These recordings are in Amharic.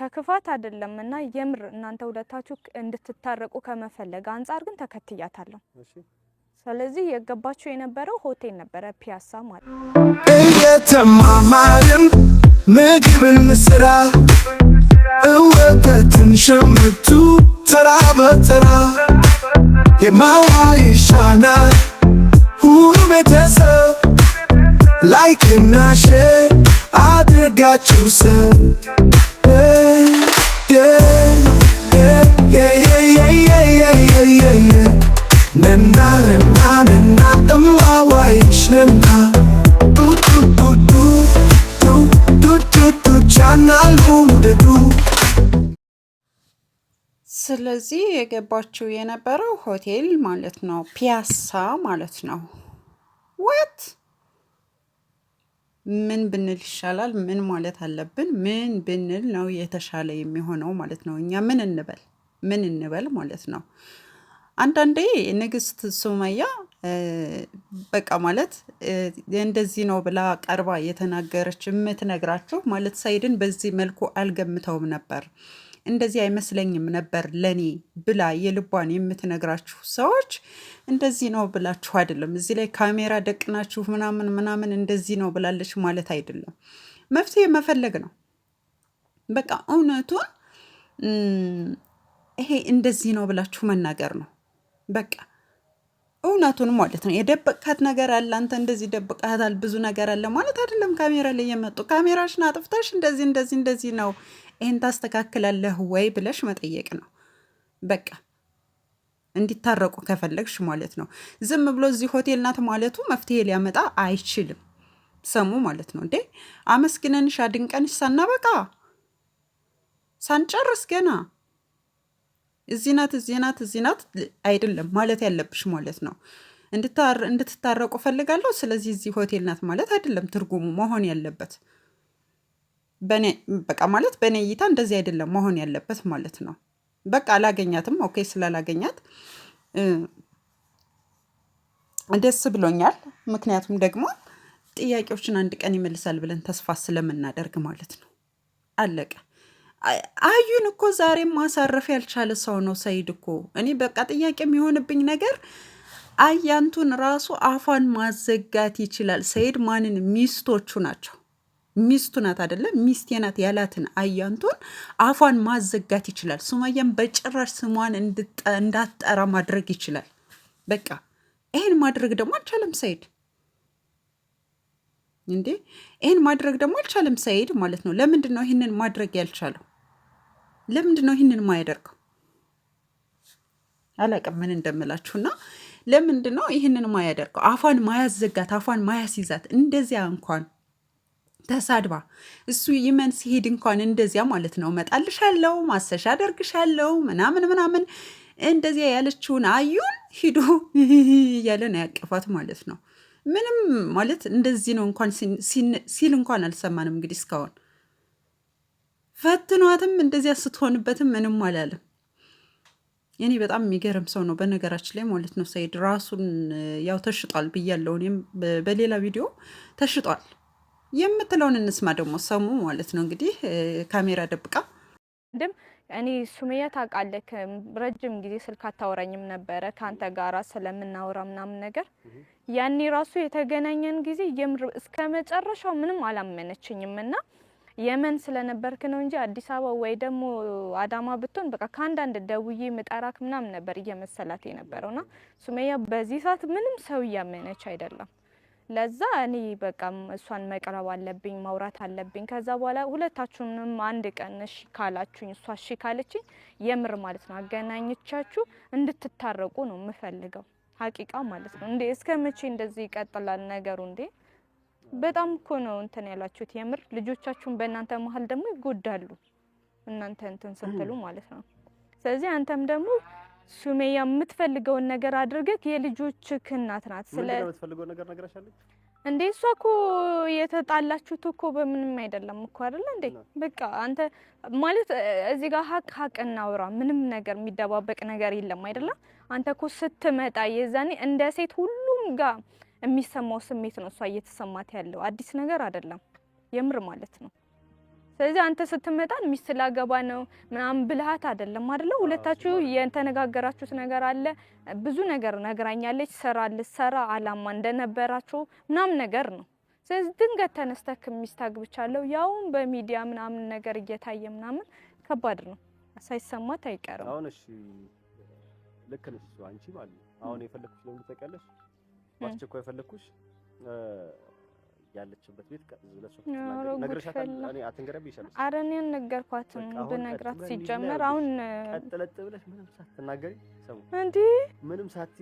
ከክፋት አይደለም እና የምር እናንተ ሁለታችሁ እንድትታረቁ ከመፈለግ አንጻር ግን ተከትያታለሁ። ስለዚህ የገባችሁ የነበረው ሆቴል ነበረ ፒያሳ ማለት እየተማማርን ምግብን ስራ እወተትን ሸምቱ ተራ በተራ የማዋ ይሻናል ሁሉ ቤተሰብ ላይክና ሼር አድርጋችሁ ሰብ ስለዚህ የገባችው የነበረው ሆቴል ማለት ነው፣ ፒያሳ ማለት ነው ወት ምን ብንል ይሻላል? ምን ማለት አለብን? ምን ብንል ነው የተሻለ የሚሆነው ማለት ነው? እኛ ምን እንበል ምን እንበል ማለት ነው? አንዳንዴ ንግስት ሱመያ በቃ ማለት እንደዚህ ነው ብላ ቀርባ የተናገረች የምትነግራችሁ ማለት ሳይድን በዚህ መልኩ አልገምተውም ነበር። እንደዚህ አይመስለኝም ነበር ለኔ ብላ የልቧን የምትነግራችሁ ሰዎች እንደዚህ ነው ብላችሁ አይደለም። እዚህ ላይ ካሜራ ደቅናችሁ ምናምን ምናምን እንደዚህ ነው ብላለች ማለት አይደለም። መፍትሄ መፈለግ ነው። በቃ እውነቱን ይሄ እንደዚህ ነው ብላችሁ መናገር ነው። በቃ እውነቱን ማለት ነው። የደበቃት ነገር አለ፣ አንተ እንደዚህ ደብቃታል፣ ብዙ ነገር አለ ማለት አይደለም። ካሜራ ላይ የመጡ ካሜራሽን አጥፍታሽ እንደዚህ እንደዚህ እንደዚህ ነው ይህን ታስተካክላለህ ወይ ብለሽ መጠየቅ ነው። በቃ እንዲታረቁ ከፈለግሽ ማለት ነው። ዝም ብሎ እዚህ ሆቴል ናት ማለቱ መፍትሄ ሊያመጣ አይችልም። ሰሙ ማለት ነው እንዴ አመስግነንሽ አድንቀንሽ ሳናበቃ ሳንጨርስ ገና እዚህ ናት እዚህ ናት እዚህ ናት አይደለም ማለት ያለብሽ ማለት ነው። እንድትታረቁ ፈልጋለሁ ስለዚህ እዚህ ሆቴል ናት ማለት አይደለም ትርጉሙ መሆን ያለበት። በቃ ማለት በኔ እይታ እንደዚህ አይደለም መሆን ያለበት ማለት ነው። በቃ አላገኛትም። ኦኬ ስላላገኛት ደስ ብሎኛል። ምክንያቱም ደግሞ ጥያቄዎችን አንድ ቀን ይመልሳል ብለን ተስፋ ስለምናደርግ ማለት ነው። አለቀ። አዩን እኮ ዛሬም ማሳረፍ ያልቻለ ሰው ነው ሰይድ እኮ። እኔ በቃ ጥያቄ የሚሆንብኝ ነገር አያንቱን ራሱ አፏን ማዘጋት ይችላል ሰይድ። ማንን ሚስቶቹ ናቸው ሚስቱ ናት አይደለም፣ ሚስቴ ናት ያላትን አያንቱን አፏን ማዘጋት ይችላል። ሱማያን በጭራሽ ስሟን እንዳትጠራ ማድረግ ይችላል። በቃ ይህን ማድረግ ደግሞ አልቻለም ሳይድ እንዴ! ይህን ማድረግ ደግሞ አልቻለም ሳይድ ማለት ነው። ለምንድን ነው ይህንን ማድረግ ያልቻለው? ለምንድን ነው ይህንን ማያደርገው? አላቅም ምን እንደምላችሁና ለምንድን ነው ይህንን ማያደርገው? አፏን ማያዘጋት፣ አፏን ማያስይዛት እንደዚያ እንኳን ተሳድባ እሱ ይመን ሲሄድ እንኳን እንደዚያ ማለት ነው መጣልሻለው፣ ማሰሻ አደርግሻለው ምናምን ምናምን እንደዚያ ያለችውን አዩን ሂዶ እያለ ነው ያቀፋት ማለት ነው። ምንም ማለት እንደዚህ ነው እንኳን ሲል እንኳን አልሰማንም። እንግዲህ እስካሁን ፈትኗትም እንደዚያ ስትሆንበትም ምንም አላለም። እኔ በጣም የሚገርም ሰው ነው በነገራችን ላይ ማለት ነው። ሰይድ ራሱን ያው ተሽጧል ብያለሁ እኔም በሌላ ቪዲዮ ተሽጧል የምትለውን እንስማ ደግሞ ሰሙ ማለት ነው እንግዲህ ካሜራ ደብቃ ድም እኔ ሱመያ ታውቃለህ፣ ረጅም ጊዜ ስልክ አታወራኝም ነበረ ከአንተ ጋራ ስለምናወራ ምናምን ነገር። ያኔ ራሱ የተገናኘን ጊዜ የምር እስከ መጨረሻው ምንም አላመነችኝም እና የመን ስለነበርክ ነው እንጂ አዲስ አበባ ወይ ደግሞ አዳማ ብትሆን በቃ ከአንዳንድ ደውዬ ምጠራክ ምናምን ነበር እየመሰላት ና ሱመያ በዚህ ሰዓት ምንም ሰው እያመነች አይደለም። ለዛ እኔ በቃ እሷን መቅረብ አለብኝ፣ ማውራት አለብኝ። ከዛ በኋላ ሁለታችሁንም አንድ ቀን እሺ ካላችሁኝ፣ እሷ እሺ ካለችኝ የምር ማለት ነው አገናኝቻችሁ እንድትታረቁ ነው የምፈልገው። ሀቂቃ ማለት ነው። እንዴ እስከ መቼ እንደዚህ ይቀጥላል ነገሩ? እንዴ በጣም እኮ ነው እንትን ያላችሁት። የምር ልጆቻችሁን በእናንተ መሀል ደግሞ ይጎዳሉ፣ እናንተ እንትን ስትሉ ማለት ነው። ስለዚህ አንተም ደግሞ ሱሜያ የምትፈልገውን ነገር አድርገህ የልጆችህ እናት ናት። ስለ የምትፈልገው ነገር ነግራሻለች እንዴ? እሷ እኮ የተጣላችሁት እኮ በምንም አይደለም እኮ አይደለ እንዴ? በቃ አንተ ማለት እዚህ ጋር ሀቅ ሀቅ እናውራ። ምንም ነገር የሚደባበቅ ነገር የለም አይደለም። አንተ እኮ ስትመጣ የዛኔ እንደ ሴት ሁሉም ጋር የሚሰማው ስሜት ነው እሷ እየተሰማት ያለው አዲስ ነገር አይደለም። የምር ማለት ነው ስለዚህ አንተ ስትመጣ ሚስት ስላገባ ነው ምናምን ብልሃት አይደለም አይደለ? ሁለታችሁ የተነጋገራችሁት ነገር አለ። ብዙ ነገር ነግራኛለች። ስራ ልሰራ አላማ እንደነበራችሁ ምናምን ነገር ነው። ስለዚህ ድንገት ተነስተክ ሚስት አግብቻለሁ ያውም በሚዲያ ምናምን ነገር እየታየ ምናምን ከባድ ነው። ሳይሰማት አይቀርም። አሁን እሺ፣ ልክ ነሽ አንቺ ማለት ነው። አሁን የፈለኩሽ ነው ልትቀለሽ ማስቸኳይ የፈለግኩሽ ያለችበት ቤት ኧረ ነገርኳትም ብነግራት ሲጀመር አሁን ቀጥለጥ ብለሽ ምንም ሳትናገሪ ሰው እንደ ምንም ሳት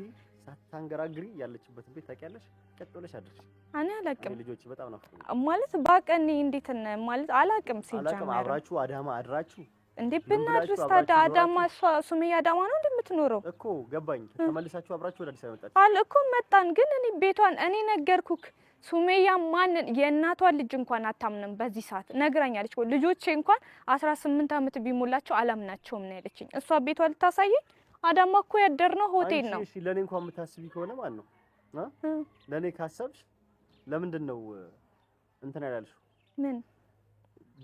ሳታንገራግሪ ያለችበት ቤት ታውቂያለሽ። ቀጥ ብለሽ አድርሽ። እኔ አላቅም። ልጆች በጣም ናፍቆኝ ማለት በቀኔ እንዴት ማለት አላቅም። ሲጀመር አብራችሁ አዳማ አድራችሁ እንዴ ብናድርስ ታዲያ አዳማ እሷ ሱመያ አዳማ ነው እንደምትኖረው እኮ ገባኝ። ተመልሳችሁ አብራችሁ ወደ አዲስ አበባ መጣችሁ እኮ መጣን። ግን እኔ ቤቷን እኔ ነገርኩክ። ሱሜያ ማንን የእናቷን ልጅ እንኳን አታምንም። በዚህ ሰዓት ነግራኛለች። ልጆቼ እንኳን አስራ ስምንት አመት ቢሞላቸው አላምናቸውም ነው ያለችኝ። እሷ ቤቷ ልታሳየኝ አዳማ እኮ ያደርነው ሆቴል ነው። እሺ ለኔ እንኳን የምታስቢ ከሆነ ማን ነው ለኔ ካሰብሽ፣ ለምንድን ነው እንትን ያላልሽው ምን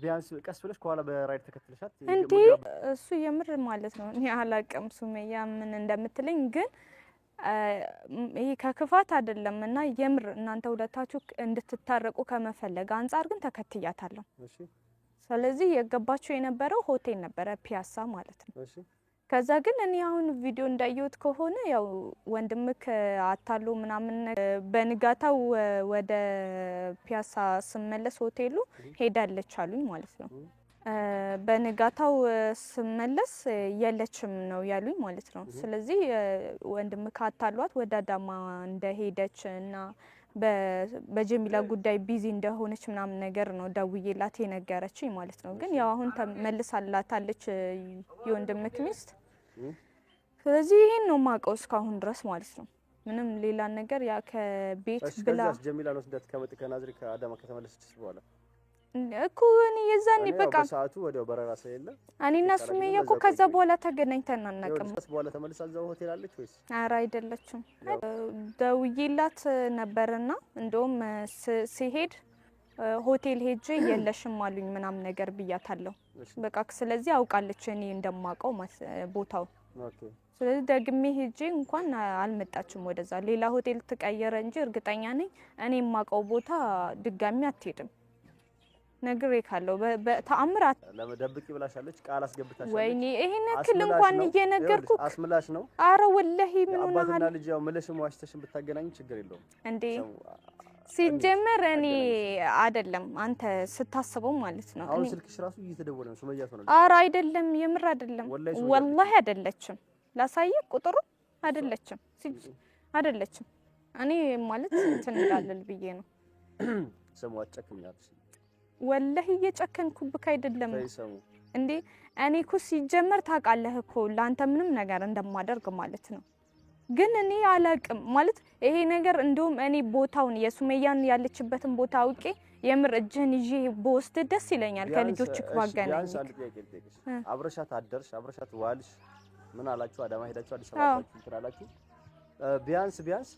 ቢያንስ ቀስ ብለሽ ከኋላ በራይድ ተከትለሻት እንዴ? እሱ የምር ማለት ነው። እኔ አላቅም ሱመያ ምን እንደምትለኝ ግን ይሄ ከክፋት አይደለም እና የምር እናንተ ሁለታችሁ እንድትታረቁ ከመፈለግ አንጻር ግን ተከትያታለሁ። ስለዚህ የገባችሁ የነበረው ሆቴል ነበረ ፒያሳ ማለት ነው። ከዛ ግን እኔ አሁን ቪዲዮ እንዳየሁት ከሆነ ያው ወንድምክ አታሎ ምናምን በንጋታው ወደ ፒያሳ ስመለስ ሆቴሉ ሄዳለች አሉኝ ማለት ነው። በንጋታው ስመለስ የለችም ነው ያሉኝ ማለት ነው። ስለዚህ ወንድምክ አታሏት ወደ አዳማ እንደሄደች እና በጀሚላ ጉዳይ ቢዚ እንደሆነች ምናምን ነገር ነው ደውዬላት የነገረችኝ ማለት ነው። ግን ያው አሁን ተመልሳላታለች የወንድምክ ሚስት ስለዚህ ይሄን ነው የማውቀው እስካሁን ድረስ ማለት ነው። ምንም ሌላ ነገር ያ ከቤት ብላ እሺ፣ ጀሚላ ነው ስደት ከመጥ ናዝሬት ከአዳማ ከተመለሰች በኋላ እኮ እኔ የዛኔ በቃ ሰዓቱ ወዲያው በረራ ስለሌለ እኔ እና እሱ ሜያ እኮ ከዛ በኋላ ተገናኝተን አናውቅም። በኋላ ተመልሳ እዛው ሆቴል አለች ወይስ? ኧረ አይደለችም። ደውዬላት ነበርና እንደውም ሲሄድ ሆቴል ሄጄ የለሽም አሉኝ ምናምን ነገር ብያታለሁ። በቃ ስለዚህ አውቃለች እኔ እንደማውቀው ቦታው። ስለዚህ ደግሜ ሄጄ እንኳን አልመጣችም ወደዛ፣ ሌላ ሆቴል ተቀየረ እንጂ እርግጠኛ ነኝ እኔ የማውቀው ቦታ ድጋሚ አትሄድም። ነግሬ ካለው በተአምር ደብቂ ብላሻለች፣ ቃል አስገብታሻለች። ወይኔ ይሄን ያክል እንኳን እየነገርኩ አስምላሽ ነው። አረ ወላሂ ምን ሆነሃል? ልጅ ያው ምለሽም ዋሽተሽም ብታገናኝ ችግር የለውም እንዴ ሲጀመር እኔ አይደለም አንተ ስታስበው ማለት ነው። አሁን ስልክሽ ራሱ እየተደወለ ነው ሱመያ። ኧረ አይደለም፣ የምር አይደለም፣ ወላሂ አይደለችም። ላሳየ ቁጥሩ አይደለችም፣ አይደለችም። እኔ ማለት እንትን እንዳልል ብዬ ነው። ስሙ አጨክኛል። ወላሂ እየጨከንኩብክ አይደለም እንዴ። እኔ እኮ ሲጀመር ታውቃለህ እኮ ለአንተ ምንም ነገር እንደማደርግ ማለት ነው ግን እኔ አላቅም ማለት ይሄ ነገር እንደውም እኔ ቦታውን የሱመያን ያለችበትን ቦታ አውቄ የምር እጅህን ይዤ በወስድ ደስ ይለኛል። ከልጆች ባገናኝ አብረሻት አደርሽ አብረሻት ዋልሽ ምን አላችሁ? አዳማ ሄዳችሁ አዲስ አበባ ሄዳችሁ ቢያንስ ቢያንስ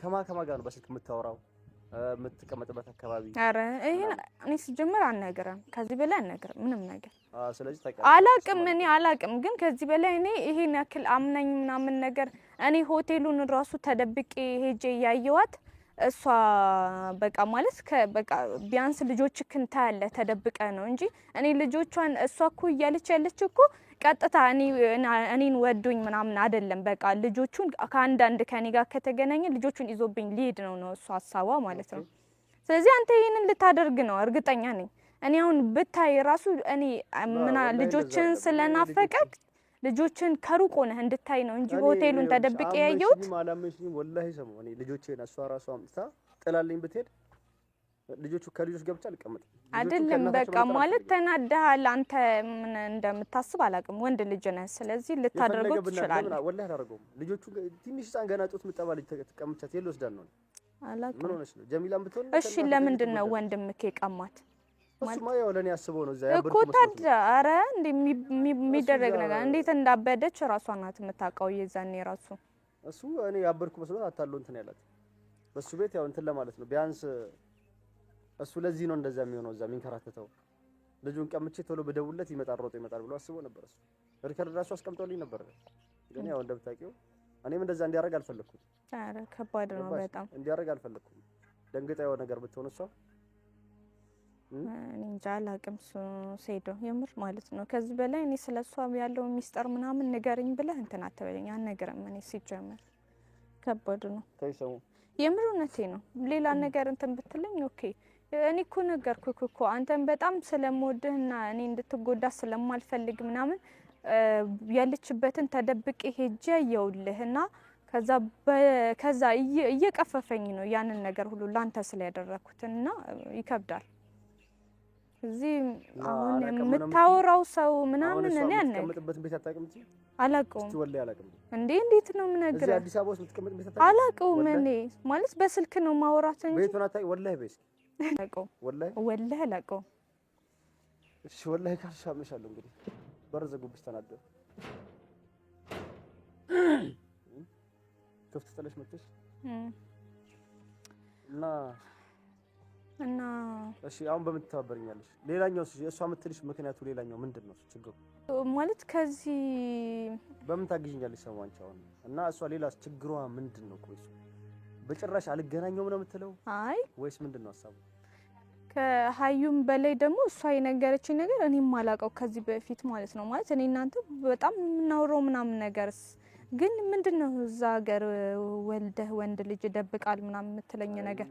ከማ ከማ ጋር ነው በስልክ የምታወራው የምትቀመጥበት አካባቢ አረ ይሄን እኔ ሲጀምር አልነግርም፣ ከዚህ በላይ አልነግርም ምንም ነገር። ስለዚህ አላቅም እኔ አላቅም፣ ግን ከዚህ በላይ እኔ ይሄን ያክል አምናኝ ምናምን ነገር እኔ ሆቴሉን ራሱ ተደብቄ ሄጄ እያየዋት እሷ በቃ ማለት በቃ ቢያንስ ልጆችህን ታያለህ ተደብቀ ነው እንጂ እኔ ልጆቿን እሷ እኮ እያለች ያለች እኮ ቀጥታ እኔን ወዶኝ ምናምን አይደለም። በቃ ልጆቹን ከአንዳንድ ከኔ ጋር ከተገናኘ ልጆቹን ይዞብኝ ሊሄድ ነው ነው እሱ ሀሳቧ ማለት ነው። ስለዚህ አንተ ይህንን ልታደርግ ነው እርግጠኛ ነኝ። እኔ አሁን ብታይ ራሱ እኔ ምና ልጆችን ስለናፈቀት ልጆችን ከሩቅ ሆነህ እንድታይ ነው እንጂ ሆቴሉን ተደብቄ ያየሁት ልጆቼን እሷ ራሷ አምጥታ ጥላልኝ ብትሄድ ልጆቹ ከልጆች ገብቻ ልቀመጥ አይደለም። በቃ ማለት ተናደሃል። አንተ ምን እንደምታስብ አላውቅም። ወንድ ልጅ ነህ፣ ስለዚህ ልታደርገው ትችላለህ። ወላሂ አላደርገውም። ልጆቹ ትንሽ ህፃን ገና ጡት የምጠባ ልጅ ተቀምቻት የለ ወስዳን ነው ምን ሆነች ነው ጀሚላን ብትሆን እሺ። ለምንድን ነው ወንድምህ የቀማት? እሱማ ያው ለእኔ አስበው ነው እዛ እኮ ታዲያ። ኧረ እንደ የሚደረግ ነገር እንዴት እንዳበደች እራሷ ናት የምታውቀው። የዛኔ ራሱ እሱ እኔ ያበድኩ መስሎት አታለው እንትን ያላት በሱ ቤት ያው እንትን ለማለት ነው ቢያንስ እሱ ለዚህ ነው እንደዛ የሚሆነው። እዛ የሚንከራተተው ልጁን ቀምቼ ቶሎ በደውለት ይመጣል፣ ሮጦ ይመጣል ብሎ አስቦ ነበር። እሱ ሪከርድ ራሱ አስቀምጦልኝ ነበር፣ ግን ያው እንደምታውቂው እኔም እንደዛ እንዲያደርግ አልፈለኩም። ኧረ ከባድ ነው በጣም እንዲያደርግ አልፈለኩም። ደንግጣ የሆነ ነገር ብትሆን እሷ እኔ እንጃ አላቅም። ሴዶ የምር ማለት ነው ከዚህ በላይ እኔ ስለ እሷ ያለው ሚስጠር ምናምን ንገርኝ ብለህ እንትን አትበለኝ፣ አልነገረም። እኔ ሲጀምር ከባድ ነው የምር እውነቴ ነው። ሌላ ነገር እንትን ብትለኝ ኦኬ እኔ እኮ ነገርኩ እኮ አንተን በጣም ስለምወድህና እኔ እንድትጎዳ ስለማልፈልግ ምናምን ያለችበትን ተደብቄ ሄጄ የውልህ እና ከዛ እየቀፈፈኝ ነው ያንን ነገር ሁሉ ላንተ ስለያደረግኩትን እና ይከብዳል። እዚህ አሁን የምታወራው ሰው ምናምን እኔ አላውቀውም እንዴ! እንዴት ነው የምነግርህ? አላውቀውም እኔ ማለት በስልክ ነው ማውራት እንጂ ወላሂ አላውቀውም። እሺ ወላሂ ካልሽ አምንሻለሁ። እንግዲህ በር ዘጉብሽ ተናደው ክፍት ጥለሽ መጥተሽ እና እና እሺ አሁን በምትተባበርኛለሽ። ሌላኛው እሷ የምትልሽ ምክንያቱ ሌላኛው ምንድን ነው ችግሩ? ማለት ከዚህ በምን ታግዥኛለሽ? ሰማንቺ አሁን እና እሷ ሌላ ችግሯ ምንድን ነው? ቆይ በጭራሽ አልገናኘውም ነው የምትለው? አይ ወይስ ምንድን ነው ሀሳቡ? ከሀዩም በላይ ደግሞ እሷ የነገረችኝ ነገር እኔ ማላውቀው ከዚህ በፊት ማለት ነው። ማለት እኔ እናንተ በጣም የምናውረው ምናምን ነገር ግን ምንድን ነው እዛ ሀገር ወልደህ ወንድ ልጅ ደብቃል ምናምን የምትለኝ ነገር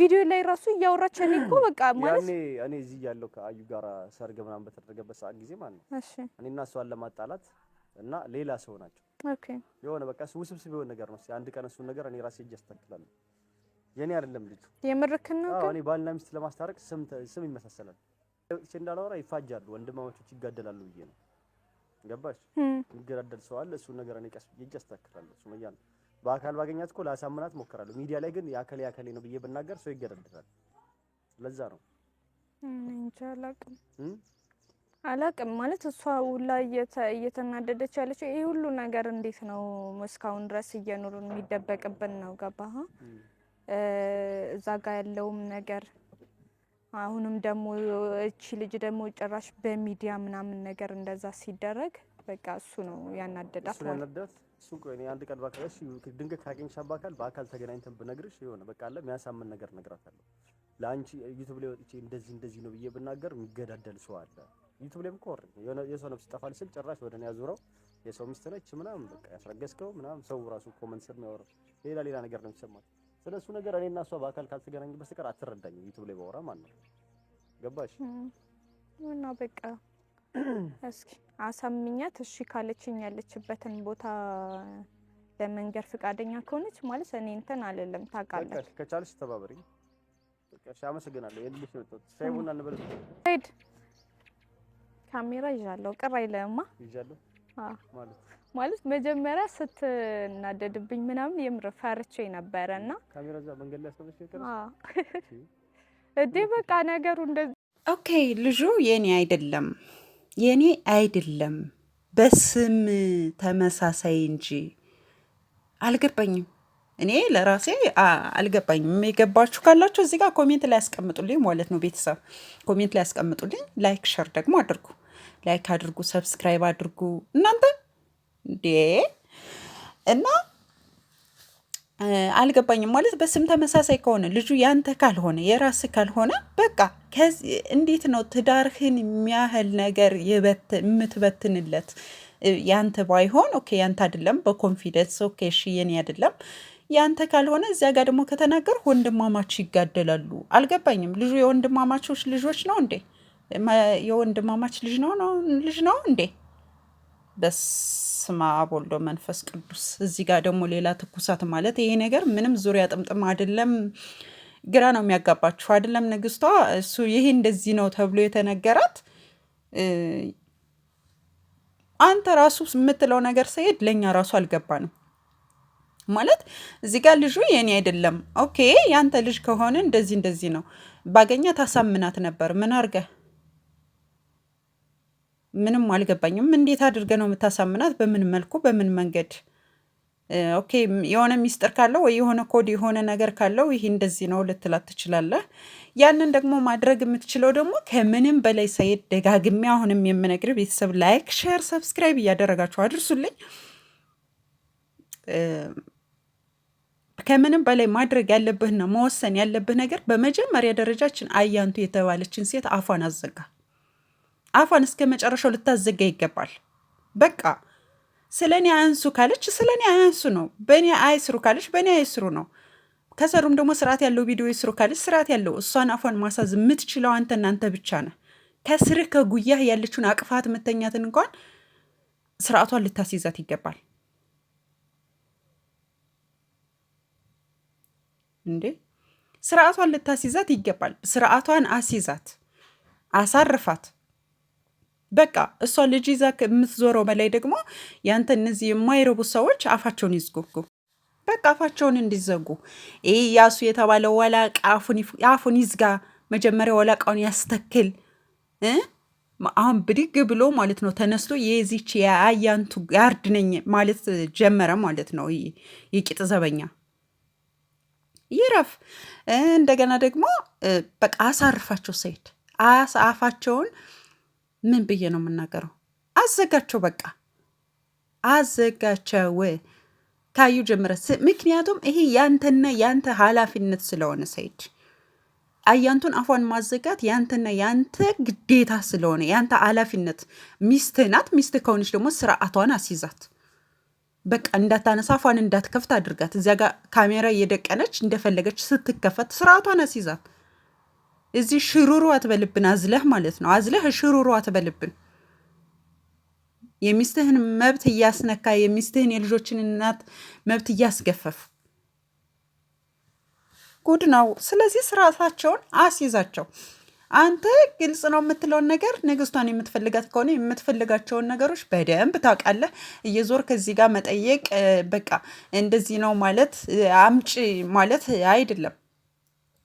ቪዲዮ ላይ ራሱ እያወራች እኔ እኮ በቃ ማለት እኔ እዚህ እያለሁ ከአዩ ጋር ሰርግ ምናምን በተደረገበት ሰዓት ጊዜ ማለት ነው እኔና እሷን ለማጣላት እና ሌላ ሰው ናቸው የሆነ በቃ ውስብስብ የሆነ ነገር ነው። አንድ ቀን እሱን ነገር እኔ ራሴ እጅ አስተካክላለሁ የኔ አይደለም ልጁ። የምርክን ነው ግን እኔ ባልና ሚስት ለማስታረቅ ስም ስም ይመሳሰላል። እቺ እንዳላወራ ይፋጃሉ፣ ወንድማማቾች ይጋደላሉ ብዬ ነው። ገባሽ? ይገዳደል ሰው አለ። እሱ ነገር እኔ ቀስ ብዬ አስተካክላለሁ። ሱመያ ነው በአካል ባገኛት እኮ ላሳምናት ሞክራለሁ። ሚዲያ ላይ ግን ያከለ ያከለ ነው ብዬ ብናገር ሰው ይገዳደላል። ለዛ ነው እንጂ አላውቅም አላቅም ማለት እሷ ሁላ እየተናደደች ያለችው ይህ ሁሉ ነገር እንዴት ነው እስካሁን ድረስ እየኖሩን የሚደበቅብን ነው ገባህ እዛ ጋ ያለውም ነገር አሁንም ደግሞ እቺ ልጅ ደግሞ ጭራሽ በሚዲያ ምናምን ነገር እንደዛ ሲደረግ በቃ እሱ ነው ያናደዳት። እሱ ቆይ አንድ ቀን ባካለሽ ድንገት ካገኝሽ አባካል በአካል ተገናኝተን ብነግርሽ የሆነ በቃ አለ የሚያሳምን ነገር እነግራታለሁ። ለአንቺ ዩቲዩብ ላይ ወጥቼ እንደዚህ እንደዚህ ነው ብዬ ብናገር የሚገዳደል ሰው አለ። ዩቲዩብ ላይም ኮር የሰው ነፍስ ይጠፋል ስል ጭራሽ ወደ እኔ ያዙረው የሰው ሚስት ነች ምናምን በቃ ያስረገዝከው ምናምን ሰው ራሱ ኮመንት ስር የሚያወራው ሌላ ሌላ ነገር ነው የሚሰማት ስለሱ ነገር እኔ እና እሷ በአካል ካልተገናኘን በስተቀር አትረዳኝም። ዩቲዩብ ላይ ባወራ ማለት ነው። ገባሽ? እና በቃ እስኪ አሳምኛት። እሺ ካለችኝ ያለችበትን ቦታ ለመንገር ፍቃደኛ ከሆነች ማለት እኔ እንትን አለለም ታውቃለህ። ከቻልሽ ተባበሪ። በቃ እሺ፣ አመሰግናለሁ። የልብሽ ነው ተጥ ሻይ ቡና እንበል። ሄድ ካሜራ ይዣለሁ። ቅር አይልህማ? ይዣለሁ። አዎ ማለት ማለት መጀመሪያ ስትናደድብኝ ምናምን የምር ፈርቼ ነበረ እና እዴ በቃ ነገሩ እንደ ኦኬ ልጁ የኔ አይደለም የኔ አይደለም በስም ተመሳሳይ እንጂ አልገባኝም። እኔ ለራሴ አልገባኝም። የገባችሁ ካላችሁ እዚህ ጋር ኮሜንት ላይ ያስቀምጡልኝ ማለት ነው። ቤተሰብ ኮሜንት ላይ ያስቀምጡልኝ። ላይክ ሸር ደግሞ አድርጉ። ላይክ አድርጉ፣ ሰብስክራይብ አድርጉ እናንተ እንዴ እና አልገባኝም ማለት በስም ተመሳሳይ ከሆነ ልጁ ያንተ ካልሆነ የራስ ካልሆነ በቃ እንዴት ነው ትዳርህን የሚያህል ነገር የምትበትንለት? ያንተ ባይሆን ኦኬ፣ ያንተ አይደለም በኮንፊደንስ ኦኬ፣ እሺ፣ የኔ አይደለም ያንተ ካልሆነ እዚያ ጋር ደግሞ ከተናገር ወንድማማች ይጋደላሉ። አልገባኝም። ልጁ የወንድማማቾች ልጆች ነው እንዴ? የወንድማማች ልጅ ነው ነው ልጅ ነው እንዴ? በስመ አብ ወወልድ ቅዱስ። እዚህ ጋር ደግሞ ሌላ ትኩሳት ማለት ይሄ ነገር ምንም ዙሪያ ጥምጥም አይደለም። ግራ ነው የሚያጋባችሁ አይደለም። ንግስቷ እሱ ይሄ እንደዚህ ነው ተብሎ የተነገራት አንተ ራሱ የምትለው ነገር ሰሄድ ለእኛ ራሱ አልገባንም። ማለት እዚህ ጋር ልጁ የኔ አይደለም ኦኬ፣ ያንተ ልጅ ከሆነ እንደዚህ እንደዚህ ነው ባገኛ ታሳምናት ነበር ምን አርገህ ምንም አልገባኝም። እንዴት አድርገ ነው የምታሳምናት? በምን መልኩ በምን መንገድ? ኦኬ የሆነ ሚስጥር ካለው ወይ የሆነ ኮድ የሆነ ነገር ካለው ይሄ እንደዚህ ነው ልትላት ትችላለህ። ያንን ደግሞ ማድረግ የምትችለው ደግሞ ከምንም በላይ ሰኢድ፣ ደጋግሜ አሁንም የምነግር ቤተሰብ ላይክ፣ ሼር፣ ሰብስክራይብ እያደረጋችሁ አድርሱልኝ። ከምንም በላይ ማድረግ ያለብህና መወሰን ያለብህ ነገር በመጀመሪያ ደረጃችን አያንቱ የተባለችን ሴት አፏን አዘጋ። አፏን እስከ መጨረሻው ልታዘጋ ይገባል። በቃ ስለ እኔ አያንሱ ካለች ስለ እኔ አያንሱ ነው። በእኔ አይስሩ ካለች በእኔ አይስሩ ነው። ከሰሩም ደግሞ ስርዓት ያለው ቪዲዮ ይስሩ ካለች ስርዓት ያለው እሷን አፏን ማሳዝ የምትችለው አንተ እናንተ ብቻ ነህ። ከስርህ ከጉያህ ያለችውን አቅፋት መተኛትን እንኳን ስርዓቷን ልታስይዛት ይገባል። እንዴ ስርዓቷን ልታስይዛት ይገባል። ስርዓቷን አስይዛት፣ አሳርፋት። በቃ እሷ ልጅ ይዛ የምትዞረው በላይ ደግሞ ያንተ እነዚህ የማይረቡ ሰዎች አፋቸውን ይዝጉጉ። በቃ አፋቸውን እንዲዘጉ ይህ ያሱ የተባለው ወላቃ አፉን ይዝጋ። መጀመሪያ ወላቃውን ያስተክል። አሁን ብድግ ብሎ ማለት ነው ተነስቶ የዚች የአያንቱ ያርድ ነኝ ማለት ጀመረ ማለት ነው። የቂጥ ዘበኛ ይረፍ። እንደገና ደግሞ በቃ አሳርፋቸው ሰይድ አፋቸውን ምን ብዬ ነው የምናገረው? አዘጋቸው፣ በቃ አዘጋቸው ካዩ ጀምረ። ምክንያቱም ይሄ ያንተና ያንተ ኃላፊነት ስለሆነ ሰይድ አያንቱን አፏን ማዘጋት ያንተና ያንተ ግዴታ ስለሆነ ያንተ ኃላፊነት ሚስት ናት። ሚስት ከሆነች ደግሞ ስርዓቷን አስይዛት። በቃ እንዳታነሳ አፏን እንዳትከፍት አድርጋት። እዚያ ጋር ካሜራ እየደቀነች እንደፈለገች ስትከፈት ስርዓቷን አስይዛት። እዚህ ሽሩሩ አትበልብን፣ አዝለህ ማለት ነው። አዝለህ ሽሩሩ አትበልብን። የሚስትህን መብት እያስነካ የሚስትህን የልጆችን እናት መብት እያስገፈፍ ጉድ ነው። ስለዚህ ስርዓታቸውን አስይዛቸው። አንተ ግልጽ ነው የምትለውን ነገር ንግስቷን የምትፈልጋት ከሆነ የምትፈልጋቸውን ነገሮች በደንብ ታውቃለህ። እየዞር ከዚህ ጋር መጠየቅ በቃ እንደዚህ ነው ማለት አምጪ ማለት አይደለም።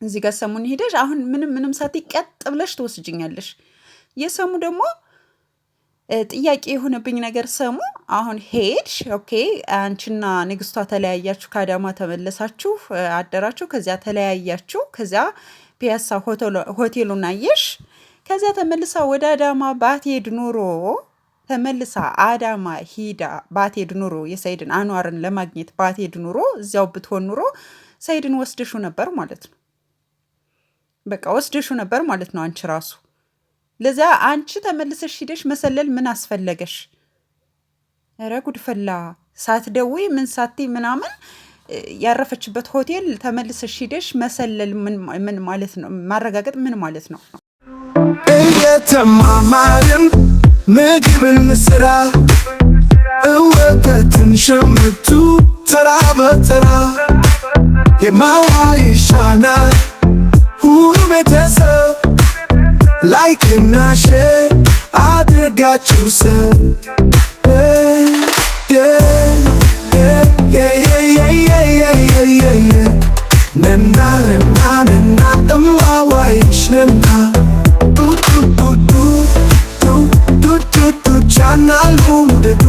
እዚህ ጋር ሰሙን ሄደሽ አሁን ምንም ምንም ሰት ቀጥ ብለሽ ትወስጅኛለሽ። የሰሙ ደግሞ ጥያቄ የሆነብኝ ነገር ሰሙ አሁን ሄድሽ፣ ኦኬ አንቺና ንግስቷ ተለያያችሁ፣ ከአዳማ ተመለሳችሁ፣ አደራችሁ፣ ከዚያ ተለያያችሁ፣ ከዚያ ፒያሳ ሆቴሉን አየሽ፣ ከዚያ ተመልሳ ወደ አዳማ ባትሄድ ኑሮ ተመልሳ አዳማ ሂዳ ባትሄድ ኑሮ የሰይድን አኗርን ለማግኘት ባትሄድ ኑሮ እዚያው ብትሆን ኑሮ ሰይድን ወስደሹ ነበር ማለት ነው። በቃ ወስደሹ ነበር ማለት ነው አንቺ ራሱ። ለዛ አንቺ ተመልሰሽ ሂደሽ መሰለል ምን አስፈለገሽ? ኧረ ጉድፈላ ሳትደውይ ምን ሳቲ ምናምን ያረፈችበት ሆቴል ተመልሰሽ ሂደሽ መሰለል ምን ማለት ነው? ማረጋገጥ ምን ማለት ነው? እየተማማርን ምግብን ስራ እወተትን ሸምቱ ተራ በተራ ውብ ቤተሰብ ላይክና ሼር አድርጋችሁ ነና እማዋይሽንና ዱዱዱዱ ቻናል ውደዱ